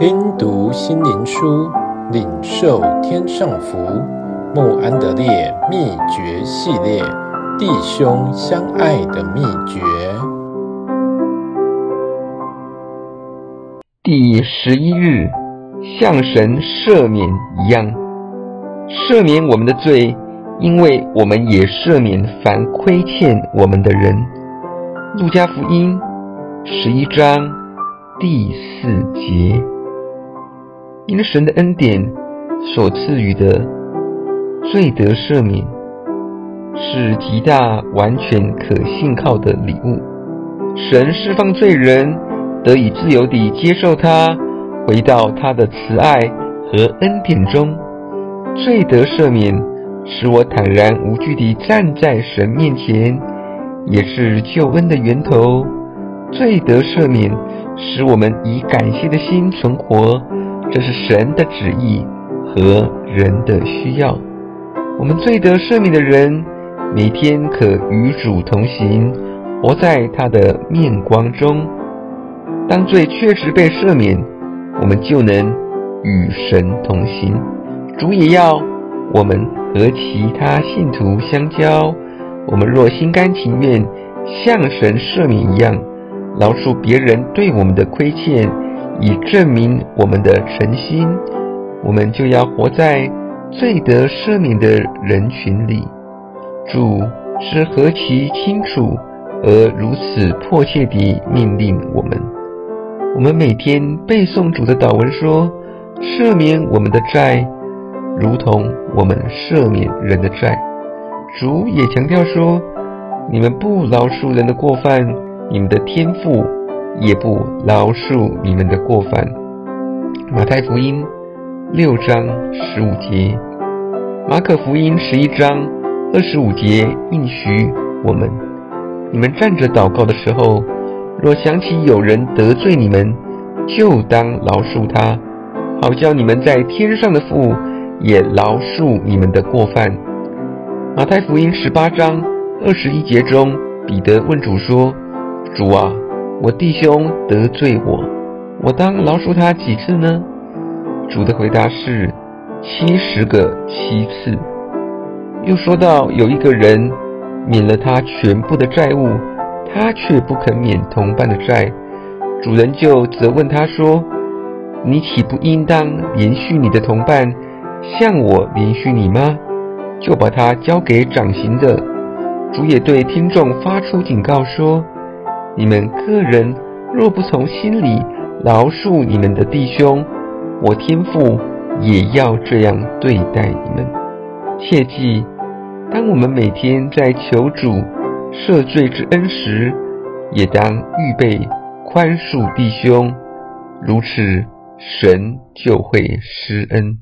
聽讀心靈書，領受天上福。慕安德烈秘訣系列，《弟兄相愛的秘訣》第十一日：像神赦免一樣。赦免我們的罪，因為我們也赦免凡虧欠我們的人。路加福音十一章第四節。因神的恩典所賜予的罪得赦免，是極大、完全、可信靠的禮物。神釋放罪人，得以自由地接受他，回到他的慈愛和恩典中。罪得赦免使我坦然無懼地站在神面前，也是救恩的源頭。罪得赦免使我們以感謝的心存活。這是神的旨意和人的需要。我們罪得赦免的人，每天可與主同行，活在他的面光中。當罪確實被赦免，我們就能與神同行。主也要我們和其他信徒相交。我們若心甘情願，像神赦免一樣饒恕別人對我們的虧欠，以證明我們的誠心，我們就要活在罪得赦免的人群裡。主是何其清楚而如此迫切地命令我們。我們每天背誦主的禱文說：“赦免我們的債，如同我們赦免人的債。”主也強調說：“你們不饒恕人的過犯，你們的天父。”也不饒恕你們的過犯。馬太福音六章十五節，馬可福音十一章二十五節應許我們：你們站着禱告的時候，若想起有人得罪你們，就當饒恕他，好叫你們在天上的父也饒恕你們的過犯。馬太福音十八章二十一節中，彼得問主說：“主啊。”我弟兄得罪我，我當饒恕他幾次呢？主的回答是：七十個七次。又說到有一個人免了他全部的債務，他卻不肯免同伴的債，主人就責問他說：“你豈不應當憐恤你的同伴，像我憐恤你嗎？”就把他交給掌刑的。主也對聽眾發出警告說。你們各人若不從心裡饒恕你們的弟兄，我天父也要這樣對待你們。切記，當我們每天在求主赦罪之恩時，也當預備寬恕弟兄，如此神就會施恩。